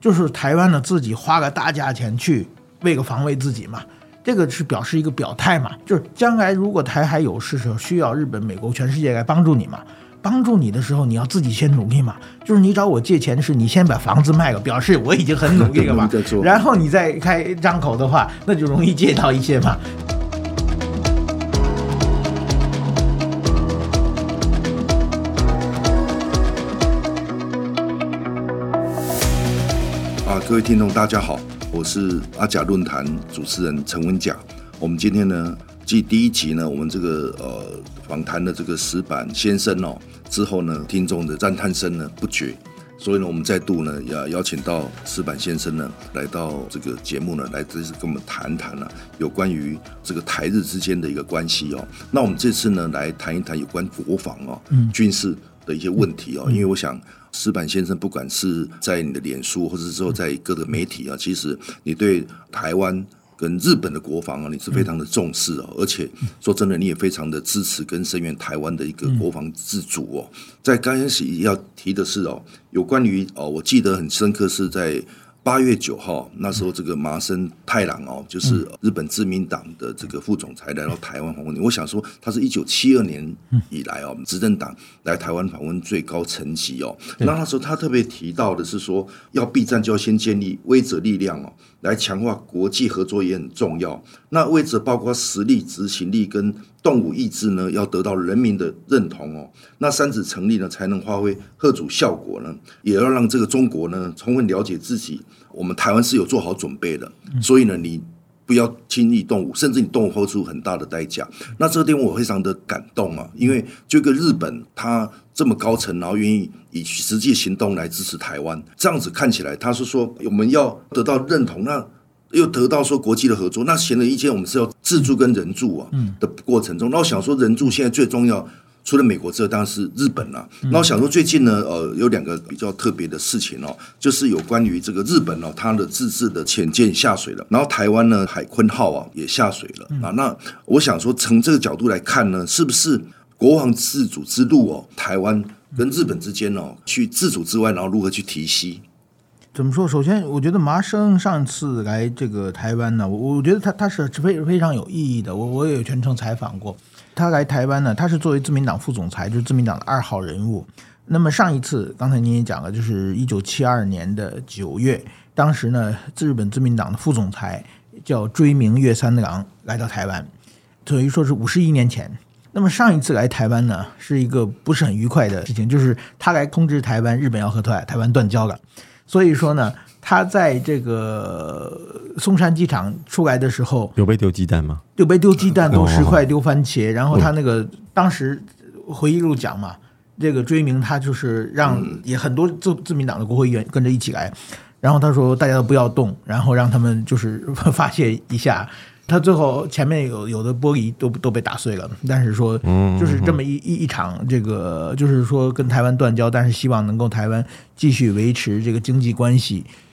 就是台灣的自己花個大價錢去為個防衛自己嘛，這個是表示一個表態嘛。就是將來如果台海有事的時候需要日本、美國、全世界來幫助你嘛，幫助你的時候你要自己先努力嘛。就是你找我借錢是你先把房子賣了，表示我已經很努力了嘛。 然後你再開張口的話，那就容易借到一些嘛。各位聽眾，大家好，我是阿甲論壇主持人陳文甲。我們今天呢，繼第一集呢，我們這個呃訪談的這個矢板先生哦之後呢，聽眾的讚嘆聲呢不絕，所以呢，我們再度呢要邀請到矢板先生呢來到這個節目呢，來這次跟我們談談呢、啊，有關於這個台日之間的一個關係哦。那我們這次呢，來談一談有關國防哦，軍事、嗯。的一些問題哦，因為我想矢板先生不管是在你的臉書，或者是說在各個媒體啊，其實你對台灣跟日本的國防啊，你是非常的重視哦，而且說真的，你也非常的支持跟聲援台灣的一個國防自主哦。嗯、在剛開始要提的是哦，有關於哦，我記得很深刻是在。八月九號，那時候這個麻生太郎哦，就是日本自民黨的這個副總裁來到台灣訪問。我想說，他是一九七二年以來哦，執政黨來台灣訪問最高層級哦。那那時候他特別提到的是說，要避戰就要先建立威懾力量哦，來強化國際合作也很重要。那威懾包括實力、執行力跟動武意志呢，要得到人民的認同哦。那三者成立呢，才能發揮嚇阻效果呢。也要讓這個中國呢，充分了解自己。我們台灣是有做好準備的，嗯、所以呢，你不要輕易動武，甚至你動武付出很大的代價。那這個點我非常的感動啊，因為這個日本，他這麼高層，然後願意以實際行動來支持台灣，這樣子看起來，他是說我們要得到認同，那又得到說國際的合作，那顯而易見，我們是要自助跟人助啊。嗯，的過程中，那我想說人助現在最重要。除了美國之外，當然是日本了、啊。嗯、那我想說，最近呢，呃，有兩個比較特別的事情哦，就是有關於這個日本哦，它的自製的潛艦下水了，然後台灣呢，海鯤號啊也下水了、嗯、啊。那我想說，從這個角度來看呢，是不是國防自主之路哦，台灣跟日本之間哦，去自主之外，然後如何去提息？怎麼說？首先，我覺得麻生上次來這個台灣呢，我我覺得他他是非非常有意義的，我我也全程採訪過。他來台灣呢，他是作為自民黨副總裁，就是自民黨的二號人物。那麼上一次，剛才您也講了，就是一九七二年的九月，當時呢，自日本自民黨的副總裁叫椎名悅三郎來到台灣，等於說是五十一年前。那麼上一次來台灣呢，是一個不是很愉快的事情，就是他來通知台灣，日本要和台台灣斷交了。所以說呢，他在這個松山機場出來的時候，有被丟雞蛋嗎？有被丟，丟雞蛋、丟石塊、丟番茄。嗯嗯嗯、然後他那個當時回憶錄講嘛，嗯、這個追名他就是讓也很多自自民黨的國會議員跟着一起來，然後他說大家都不要動，然後讓他們就是發洩一下。他最後前面有有的玻璃都都被打碎了，但是說，就是這麼一一場這個，就是說跟台灣斷交，但是希望能夠台灣繼續維持這個經濟關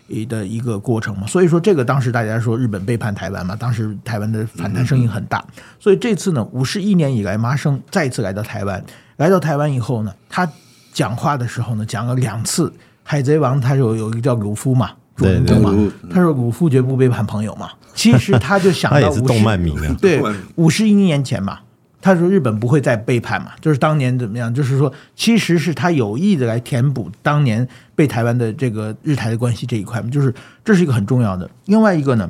係的一個過程嘛。所以說這個當時大家說日本背叛台灣嘛，當時台灣的反彈聲音很大。所以這次呢，五十一年以來，麻生再次來到台灣，來到台灣以後呢，他講話的時候呢，講了兩次《海賊王》，他有有一個叫魯夫嘛，對，他說魯夫絕不背叛朋友嘛。其實他就想到，他也是動漫迷啊。對，五十一年前嘛，他說日本不會再背叛嘛，就是當年怎麼樣，就是說，其實是他有意的來填補當年被台灣的這個日台的關係這一塊嘛，就是這是一個很重要的。另外一個呢，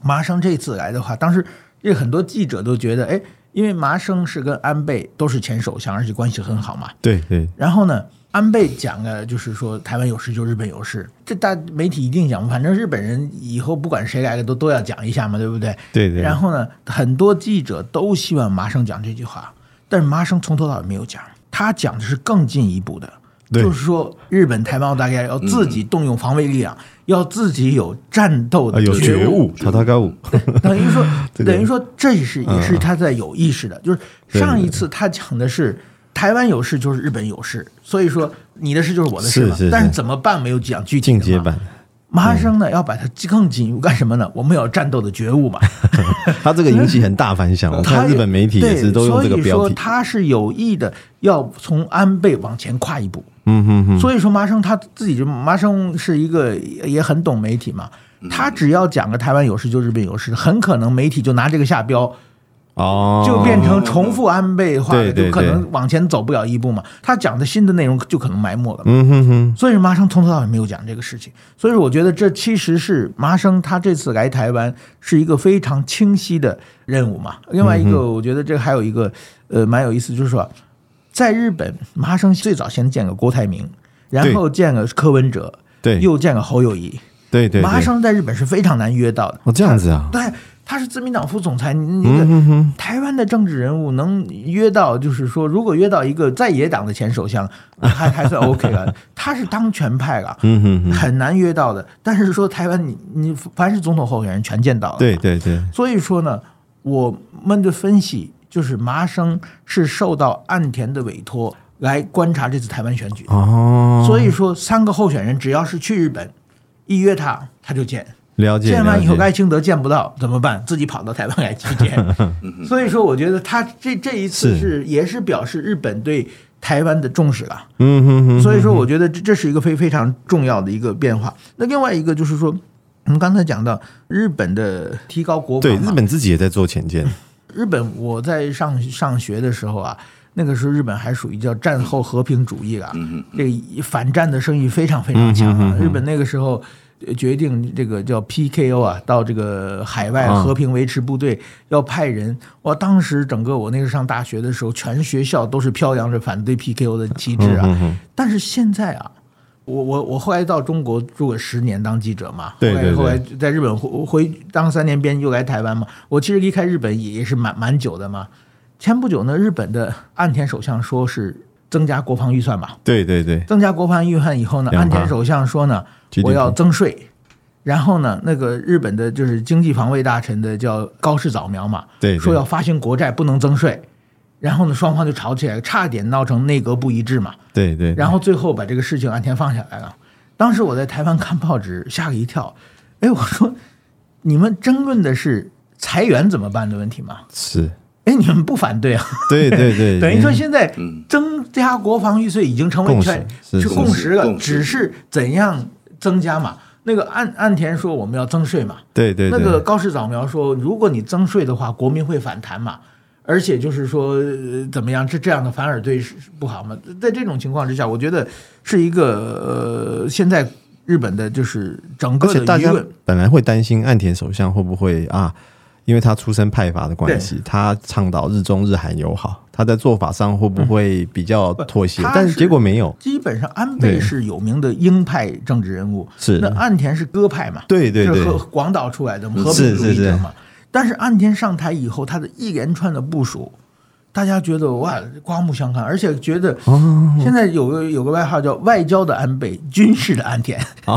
麻生這次來的話，當時也很多記者都覺得，哎。因為麻生是跟安倍都是前首相，而且關係很好嘛。對對。對，然後呢，安倍講的就是說台灣有事就日本有事，這大媒體一定講，反正日本人以後不管誰來了都都要講一下嘛，對不對？對對。對，然後呢，很多記者都希望麻生講這句話，但是麻生從頭到尾沒有講，他講的是更進一步的。就是說，日本台灣大概要自己動用防衛力量，嗯、要自己有戰鬥的覺悟，塔他蓋悟，等於說，這個、等於說，這也是也是他在有意識的。嗯、就是上一次他講的是、嗯、台灣有事，就是日本有事，對對對，所以說你的事就是我的事嘛，是是是，但是怎麼辦沒有講具體的嘛。進階版麻生呢，要把它更緊，幹什麼呢？我們有戰鬥的覺悟嘛。 他這個引起很大反響，嗯、我看日本媒體也是都用這個標題。說他是有意的，要從安倍往前跨一步。嗯哼哼。所以說麻生他自己就，麻生是一個也很懂媒體嘛。他只要講個台灣有事就日本有事，很可能媒體就拿這個下標。哦，oh, 就變成重複安倍化，oh, okay. 就可能往前走不了一步嘛。對對對，他講的新的內容就可能埋沒了嘛。嗯哼哼。Hmm. 所以麻生從頭到尾沒有講這個事情。所以說我覺得這其實是麻生他這次來台灣是一個非常清晰的任務嘛。另外一個，mm hmm. 我覺得這還有一個呃蠻有意思，就是說在日本麻生最早先見個郭台銘，然後見個柯文哲，對，又見個侯友宜。對對，對。麻生在日本是非常難約到的。哦，oh, 這樣子啊。對。他是自民黨副總裁，你、那個、台灣的政治人物能約到，就是說，如果約到一個在野黨的前首相，還還算 OK 了。 他是當權派了，很難約到的。但是說台灣你，你你凡是總統候選人全見到了，對對對。所以說呢，我們的分析就是麻生是受到岸田的委托來觀察這次台灣選舉，哦。所以說三個候選人只要是去日本，一約他他就見。了解，見完以後，賴清德見不到解怎麼辦？自己跑到台灣來接見。 所以說，我覺得他這這一次是，是也是表示日本對台灣的重視了。嗯哼哼哼哼所以說，我覺得這這是一個非非常重要的一個變化。那另外一個就是說，我、嗯、們剛才講到日本的提高國防，對日本自己也在做潛艦、嗯。日本我在上上學的時候啊，那個時候日本還屬於叫戰後和平主義了。嗯、哼哼哼這個反戰的聲音非常非常強。嗯、哼哼哼日本那個時候。決定這個叫 P K O 啊，到這個海外和平維持部隊、嗯、要派人。我當時整個我那個上大學的時候，全學校都是飄揚着反對 P K O 的旗幟啊。嗯嗯嗯但是現在啊，我我我後來到中國住了十年當記者嘛，後來，後來在日本回，回當三年編輯又來台灣嘛，我其實離開日本也是蠻蠻久的嘛。前不久呢，日本的岸田首相說是。增加國防預算嘛？對對對，增加國防預算以後呢，岸兩旁 田首相說呢，我要增稅，然後呢，那個日本的就是經濟防衛大臣的叫高市早苗嘛，對，說要發行國債，不能增稅，然後呢，雙方就吵起來，差點鬧成內閣不一致嘛，對對，然後最後把這個事情岸田放下來了。當時我在台灣看報紙，嚇了一跳，哎，我說你們爭論的是裁員怎麼辦的問題嗎？是。哎，誒你們不反對啊？對對對， 等於說現在增加國防預算已經成為全是共識了，只是怎樣增加嘛？那個岸岸田說我們要增稅嘛，對對，那個高市早苗說，如果你增稅的話，國民會反彈嘛，而且就是說怎麼樣這這樣的反而對是不好嘛？在這種情況之下，我覺得是一個呃，現在日本的就是整個的輿論而且大家本來會擔心岸田首相會不會啊？因為他出身派閥的關係，對他倡導日中日韓友好，他在做法上會不會比較妥協？嗯、但是結果沒有。基本上安倍是有名的鷹派政治人物，對是那岸田是鴿派嘛？對對對，是和廣島出來的和平主義者嘛？是是是是，但是岸田上台以後，他的一連串的部署。大家覺得哇，刮目相看，而且覺得現在有個有個外號叫“外交的安倍，軍事的岸田”，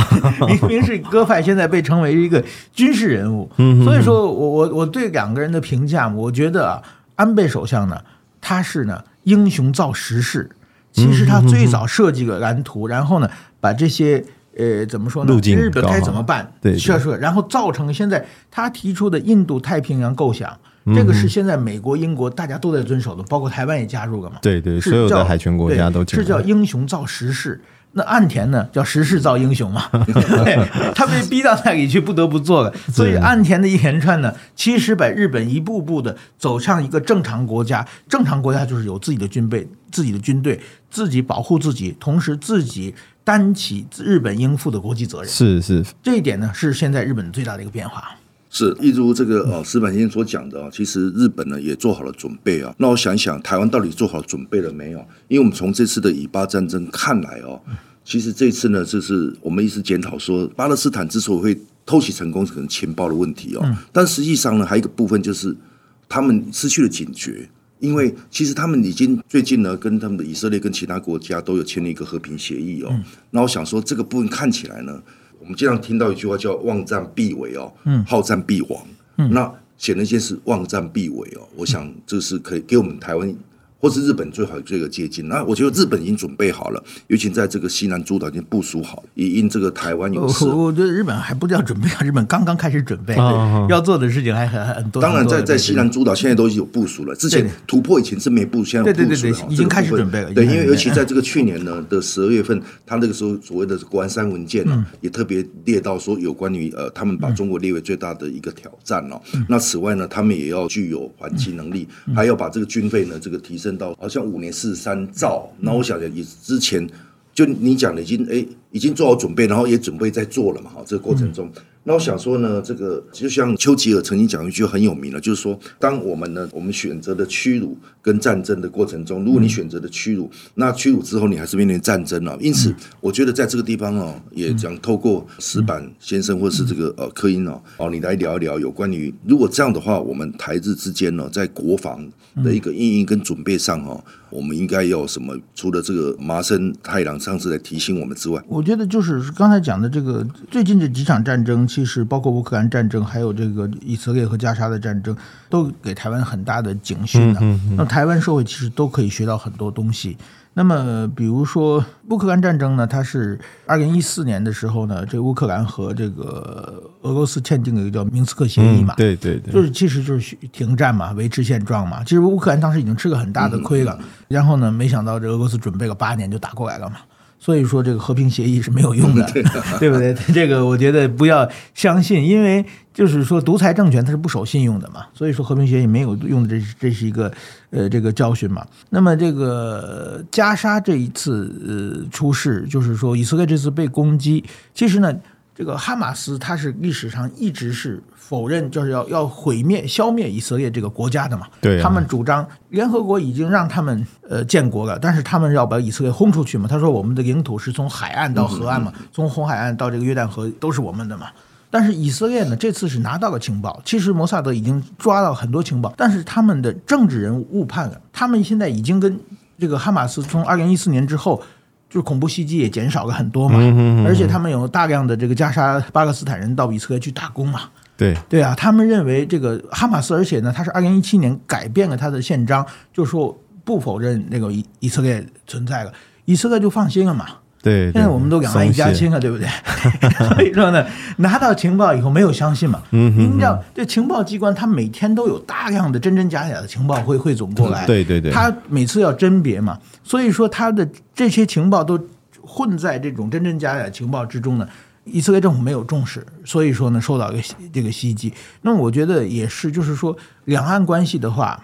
明明是鴿派，現在被稱為一個軍事人物。所以說，我我我對兩個人的評價，我覺得、啊、安倍首相呢，他是呢英雄造時勢，其實他最早設計個藍圖，然後呢把這些呃怎麼說呢，經日本該怎麼辦？對，對然後造成現在他提出的印度太平洋構想。嗯、這個是現在美國、英國大家都在遵守的，包括台灣也加入了嘛？對對，叫所有的海權國家都。是叫英雄造時勢，那岸田呢，叫時勢造英雄嘛？ 他被逼到那裡去，不得不做的。 所以岸田的一連串，串呢，其實把日本一步步的走向一個正常國家。正常國家就是有自己的軍備、自己的軍隊，自己保護自己，同時自己擔起日本應負的國際責任。是是，這一點呢，是現在日本最大的一個變化。是，一如這個呃矢板先生所講的啊，其實日本呢也做好了準備啊、哦。那我想一想，台灣到底做好準備了沒有？因為我們從這次的以巴戰爭看來哦，其實這次呢就是我們一直檢討說，巴勒斯坦之所以會偷襲成功，是可能情報的問題哦。但實際上呢，還有一個部分就是他們失去了警覺，因為其實他們已經最近呢跟他們的以色列跟其他國家都有簽了一個和平協議哦。那我想說，這個部分看起來呢。我們經常聽到一句話叫“忘戰必危”哦，好、嗯、戰必亡。嗯、那顯然一件事“忘戰必危”哦，我想這是可以給我們台灣。或是日本最好這個接近，那我覺得日本已經準備好了，尤其在這個西南諸島已經部署好了，也因這個台灣有事。我覺得日本還不知道準備，日本剛剛開始準備，要做的事情還很多。當然，在在西南諸島現在都已經有部署了，之前突破以前是沒部署，現在有部署了，對對對對已經開始準備了。對，因為尤其在這個去年呢的十二月份，他那個時候所謂的《國安三文件》呢，也特別列到說有關於呃，他們把中國列為最大的一個挑戰哦。那此外呢，他們也要具有反擊能力，還要把這個軍費呢這個提升。升到好像五年四十三兆，那、嗯、我想想也之前就你講的已經哎，已經做好準備，然後也準備在做了嘛，哈，這個過程中。嗯那我想說呢，這個就像丘吉爾曾經講一句很有名的，就是說，當我們呢，我們選擇的屈辱跟戰爭的過程中，如果你選擇的屈辱，嗯、那屈辱之後你還是面臨戰爭了。因此，我覺得在這個地方哦，也將透過矢板先生或者是這個呃克殷、嗯、哦，哦你來聊一聊有關於如果這樣的話，我們台日之間呢、哦，在國防的一個應應跟準備上哈、哦，嗯、我們應該要什麼？除了這個麻生太郎上次來提醒我們之外，我覺得就是剛才講的這個最近這幾場戰爭。其實，包括烏克蘭戰爭，還有這個以色列和加沙的戰爭，都給台灣很大的警訊的、啊。那、嗯嗯嗯、台灣社會其實都可以學到很多東西。那麼，比如說烏克蘭戰爭呢，它是二零一四年的時候呢，這烏克蘭和這個俄羅斯簽訂了一個叫明斯克協議嘛，對對、嗯、對，對對就是其實就是停戰嘛，維持現狀嘛。其實烏克蘭當時已經吃了很大的虧了，嗯、然後呢，沒想到這俄羅斯準備了八年就打過來了嘛。所以說這個和平協議是沒有用的，對，啊、 對不對？這個我覺得不要相信，因為就是說獨裁政權它是不守信用的嘛。所以說和平協議沒有用的，這這是一個呃這個教訓嘛。那麼這個加沙這一次呃出事，就是說以色列這次被攻擊，其實呢。這個哈馬斯，他是歷史上一直是否認，就是要要毀滅、消滅以色列這個國家的嘛。對啊，他們主張聯合國已經讓他們呃建國了，但是他們要把以色列轟出去嘛。他說我們的領土是從海岸到河岸嘛，嗯嗯嗯從紅海岸到這個約旦河都是我們的嘛。但是以色列呢，這次是拿到了情報，其實摩薩德已經抓到很多情報，但是他們的政治人物誤判了，他們現在已經跟這個哈馬斯從二零一四年之後。就是恐怖襲擊也減少了很多嘛，嗯哼嗯哼嗯，而且他們有大量的這個加沙巴勒斯坦人到以色列去打工嘛，對對啊，他們認為這個哈馬斯，而且呢，他是二零一七年改變了他的憲章，就說不否認那個以以色列存在了，以色列就放心了嘛。對，對，現在我們都兩岸一家親了，歇對不對？ 所以說呢，拿到情報以後沒有相信嘛。你 知道，這情報機關他每天都有大量的真真假假、假的情報會匯總過來，嗯，對對對。他每次要甄別嘛，所以說他的這些情報都混在這種真真假、假假情報之中呢。以色列政府沒有重視，所以說呢受到一個這個襲擊。那我覺得也是，就是說兩岸關係的話。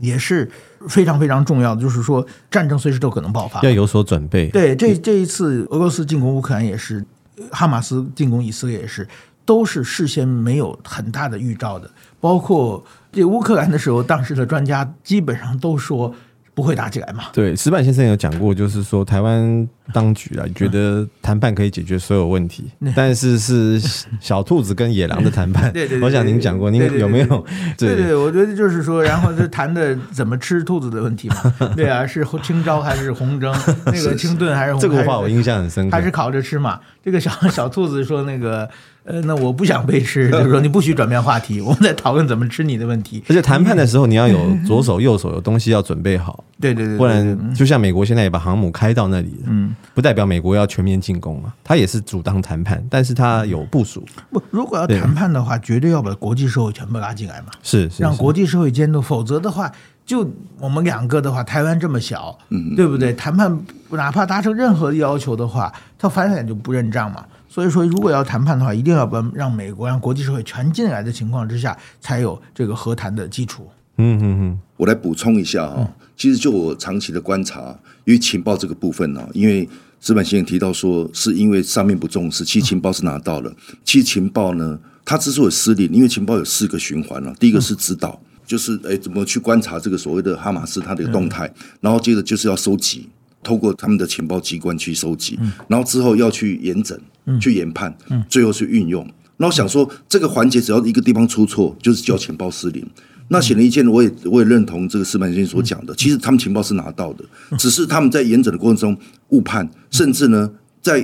也是非常非常重要的，就是說戰爭隨時都可能爆發，要有所準備。對，這也這一次俄羅斯進攻烏克蘭也是，哈馬斯進攻以色列也是，都是事先沒有很大的預兆的。包括這烏克蘭的時候，當時的專家基本上都說不會打起來嘛。對，矢板先生有講過，就是說台灣。當局啊，覺得談判可以解決所有問題，但是是小兔子跟野狼的談判。對對對，我想您講過，您有沒有？對對，我覺得就是說，然後就談的怎麼吃兔子的問題嘛。對啊，是清蒸還是紅蒸？那個清燉還是紅。這個話我印象很深刻。還是烤着吃嘛。這個小小兔子說：“那個呃，那我不想被吃。”就是說你不許轉變話題，我們在討論怎麼吃你的問題。而且談判的時候，你要有左手右手有東西要準備好。對,對對對，不然就像美國現在也把航母開到那裡，嗯，不代表美國要全面進攻嘛，他也是主張談判，但是他有部署。不，如果要談判的話，對絕對要把國際社會全部拉進來嘛，是是讓國際社會監督，否則的話，就我們兩個的話，台灣這麼小，嗯、對不對？嗯、談判哪怕達成任何要求的話，他翻臉就不認賬嘛。所以說，如果要談判的話，嗯、一定要把讓美國讓國際社會全進來的情況之下，才有這個和談的基礎。嗯嗯嗯，嗯嗯我來補充一下哈。嗯、其實就我長期的觀察，因為情報這個部分呢，因為矢板先生提到說，是因為上面不重視，其實情報是拿到了。嗯、其實情報呢，它之所以有失靈，因為情報有四個循環了。第一個是指導，嗯、就是哎、欸，怎麼去觀察這個所謂的哈馬斯它的動態，嗯、然後接着就是要收集，透過他們的情報機關去收集，嗯、然後之後要去研整，嗯、去研判，最後去運用。那我想說，嗯、這個環節只要一個地方出錯，就是叫情報失靈。嗯嗯那顯而易見，我也我也認同這個矢板先生所講的。其實他們情報是拿到的，只是他們在演整的過程中誤判，甚至呢，在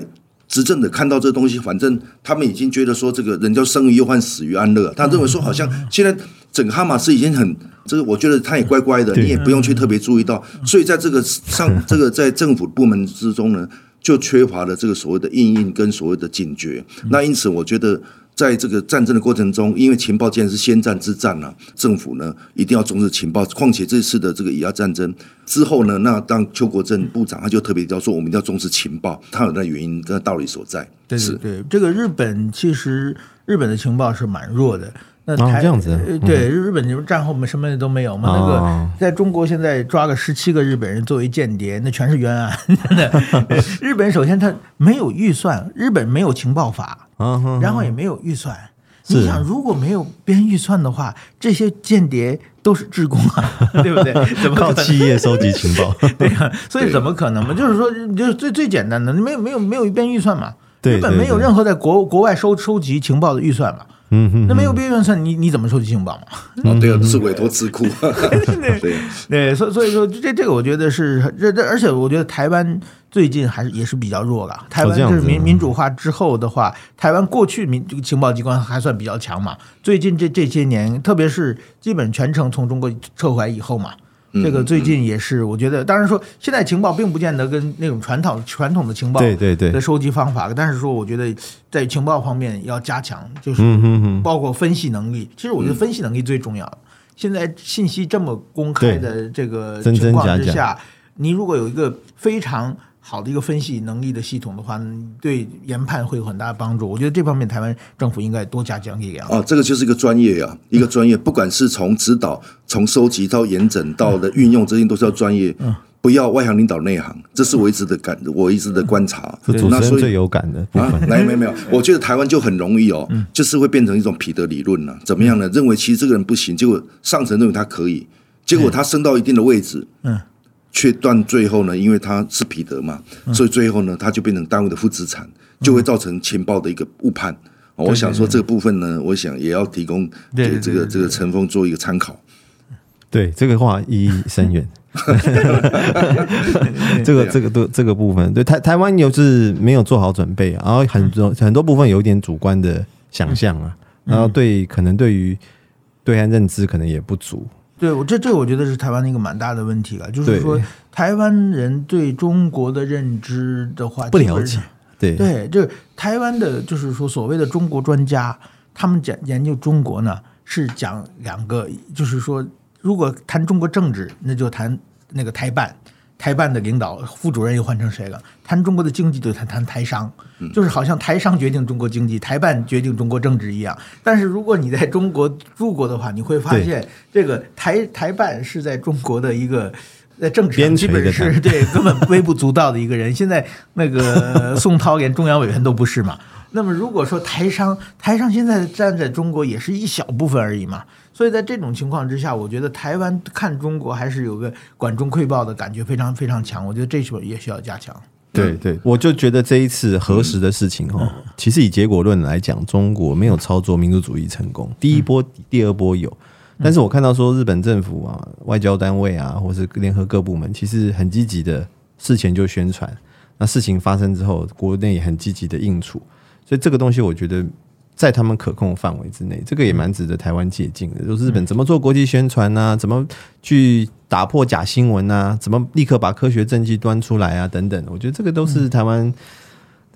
執政的看到這東西，反正他們已經覺得說，這個人叫生於憂患，死於安樂。他認為說，好像現在整個哈馬斯已經很這個，我覺得他也乖乖的，對你也不用去特別注意到。所以在這個上，這個在政府部門之中呢，就缺乏了這個所謂的應應跟所謂的警覺。那因此，我覺得。在這個戰爭的過程中，因為情報既然是先戰之戰了、啊，政府呢，一定要重視情報。況且這次的這個以拉戰爭之後呢，那當邱國正部長他就特別叫說，我們一定要重視情報，嗯、他有那原因跟道理所在。對對對，是這個日本其實日本的情報是蠻弱的。那、啊、這樣子，嗯、對日本，就是戰後什麼的都沒有嘛。哦、那個在中國現在抓個十七個日本人作為間諜，那全是冤案、啊。 日本首先他沒有預算，日本沒有情報法，啊啊、然後也沒有預算。是你想，如果沒有編預算的話，這些間諜都是志工啊，對不對？靠 企業收集情報， 對呀、啊，所以怎麼可能嘛？就是說，就是最最簡單的，沒有沒有沒有編預算嘛。日本沒有任何在國對對對國外收收集情報的預算嘛。嗯，嗯嗯，那沒有別人算你你怎麼收集情報嘛？哦、嗯嗯， 對啊，是委託智庫。對對，對，所以所以說，這這個我覺得是這這，而且我覺得台灣最近還是也是比較弱了。台灣就是民、嗯、民主化之後的話，台灣過去民這個情報機關還算比較強嘛。最近這這些年，特別是基本全程從中國撤回以後嘛。這個最近也是，嗯、我覺得，當然說，現在情報並不見得跟那種傳統傳統的情報的收集方法，對對對，但是說，我覺得在情報方面要加強，就是包括分析能力。嗯、其實我覺得分析能力最重要、嗯、現在信息這麼公開的這個情況之下，真真假假。你如果有一個非常好的一個分析能力的系統的話，對研判會有很大的幫助。我覺得這方面台灣政府應該多加強培養哦，這個就是一個專業啊，一個專業，嗯、不管是從指導、從收集到研整到的運用，這些都是要專業。嗯，不要外行領導內行，這是我一直的感，嗯、我一直的觀察。嗯、那所以是主持人最有感的啊？來，沒有沒有沒有，我覺得台灣就很容易哦，嗯、就是會變成一種彼得理論了、啊。怎麼樣呢？嗯、認為其實這個人不行，結果上層認為他可以，結果他升到一定的位置，嗯。嗯卻斷最後呢，因為他是彼得嘛，所以最後呢，他就變成單位的負資產，就會造成情報的一個誤判。嗯、我想說這個部分呢，對對對對，我想也要提供對這個對對對對這個陳峰做一個參考。對，這個話意義深遠。這個這個都這個部分，對台台灣又是沒有做好準備，然後很多、嗯、很多部分有一點主觀的想象啊，然後對、嗯、可能對於對岸認知可能也不足。對，我這這我覺得是台灣的一個蠻大的問題了，就是說對台灣人對中國的認知的話不了解。對對，就是台灣的，就是說所謂的中國專家，他們講研究中國呢，是講兩個，就是說如果談中國政治，那就談那個台辦。台辦的領導、副主任又換成誰了？談中國的經濟就談談台商，就是好像台商決定中國經濟，台辦決定中國政治一樣。但是如果你在中國住過的話，你會發現這個台對台辦是在中國的一個在政治上基本是的對根本微不足道的一個人。 現在那個宋濤連中央委員都不是嘛。那麼如果說台商，台商現在站在中國也是一小部分而已嘛，所以在這種情況之下，我覺得台灣看中國還是有個管中窺豹的感覺，非常非常強。我覺得這時候也需要加強。對、嗯、對，我就覺得這一次核實的事情哈、哦，嗯嗯、其實以結果論來講，中國沒有操作民族主義成功，第一波、嗯、第二波有，但是我看到說日本政府啊、外交單位啊，或是聯合各部門，其實很積極的事前就宣傳，那事情發生之後，國內也很積極的應處。所以這個東西，我覺得在他們可控範圍之內，這個也蠻值得台灣借鑑的。就是日本怎麼做國際宣傳呢、啊？怎麼去打破假新聞呢、啊？怎麼立刻把科學證據端出來啊？等等，我覺得這個都是台灣。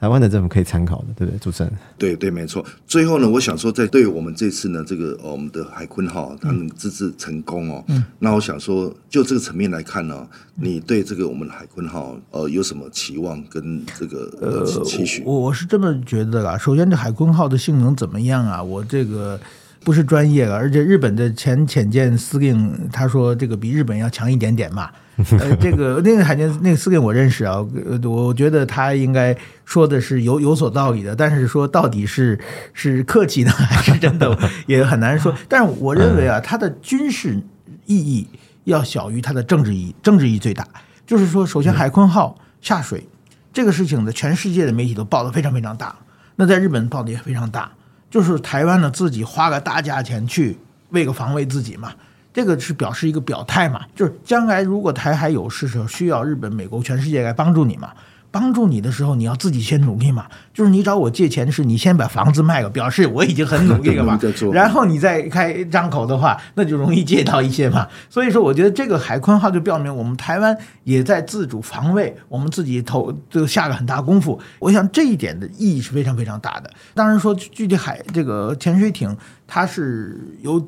台灣的政府可以參考的，對不對，對，主持人？對對，對，沒錯。最後呢，我想說，在對我們這次呢，這個、呃、我們的海鯤號他們自製成功哦、喔，嗯、那我想說，就這個層面來看呢、喔，嗯、你對這個我們海鯤號呃有什麼期望跟這個期許、呃？我是這麼覺得啦，首先這海鯤號的性能怎麼樣啊？我這個。不是專業的，而且日本的前潛艦司令他說這個比日本要強一點點嘛，呃，這個那個海軍那個司令我認識啊，我覺得他應該說的是有有所道理的，但是說到底是是客氣呢還是真的 也很難說，但是我認為啊，他的軍事意義要小於他的政治意，義，政治意義最大，就是說首先海鯤號、嗯、下水這個事情的全世界的媒體都報的非常非常大，那在日本報的也非常大。就是台灣呢，自己花個大價錢去為個防衛自己嘛，這個是表示一個表態嘛，就是將來如果台海有事的時候需要日本、美國、全世界來幫助你嘛。幫助你的時候，你要自己先努力嘛。就是你找我借錢時，你先把房子賣了，表示我已經很努力了嘛。然後你再開張口的話，那就容易借到一些嘛。所以說，我覺得這個海鯤號就表明我們台灣也在自主防衛，我們自己投就下了很大功夫。我想這一點的意義是非常非常大的。當然說，具體海這個潛水艇，它是有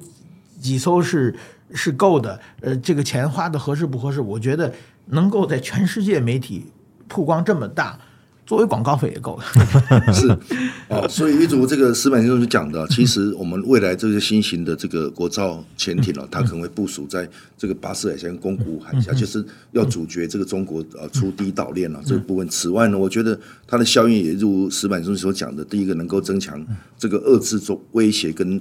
幾艘是是夠的。呃，這個錢花的合適不合適？我覺得能夠在全世界媒體。曝光這麼大，作為廣告費也夠了。 是哦，所以一如這個矢板先生所講的，其實我們未來這些新型的這個國造潛艇呢，嗯、它可能會部署在這個巴士海峽、宮古海峽，嗯、就是要阻絕這個中國啊出第一島鏈了這個部分。此外呢，我覺得它的效應也如矢板先生所講的，第一個能夠增強這個遏制中威脅跟。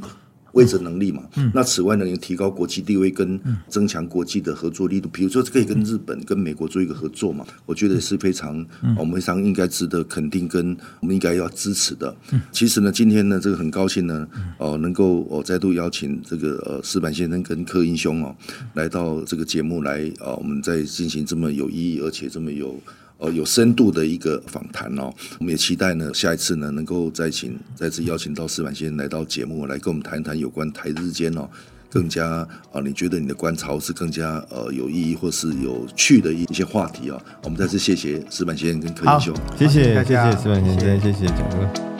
威懾能力嘛，嗯、那此外呢，也提高國際地位跟增強國際的合作力度。嗯、比如說，可以跟日本、嗯、跟美國做一個合作嘛，我覺得是非常我們、嗯哦、非常應該值得肯定跟我們應該要支持的。嗯、其實呢，今天呢，這個很高興呢，嗯、哦，能夠我、哦、再度邀請這個呃矢板先生跟克殷兄哦，嗯、來到這個節目來啊、哦，我們在進行這麼有意義而且這麼有。呃，有深度的一個訪談哦，我們也期待呢，下一次呢，能夠再請再次邀請到矢板先生來到節目，來跟我們談一談有關台日間哦，更加啊、呃，你覺得你的觀察是更加呃有意義或是有趣的一一些話題哦。我們再次謝謝矢板先生跟克殷兄，謝謝好謝謝矢家板先生，謝謝蔣哥。謝謝講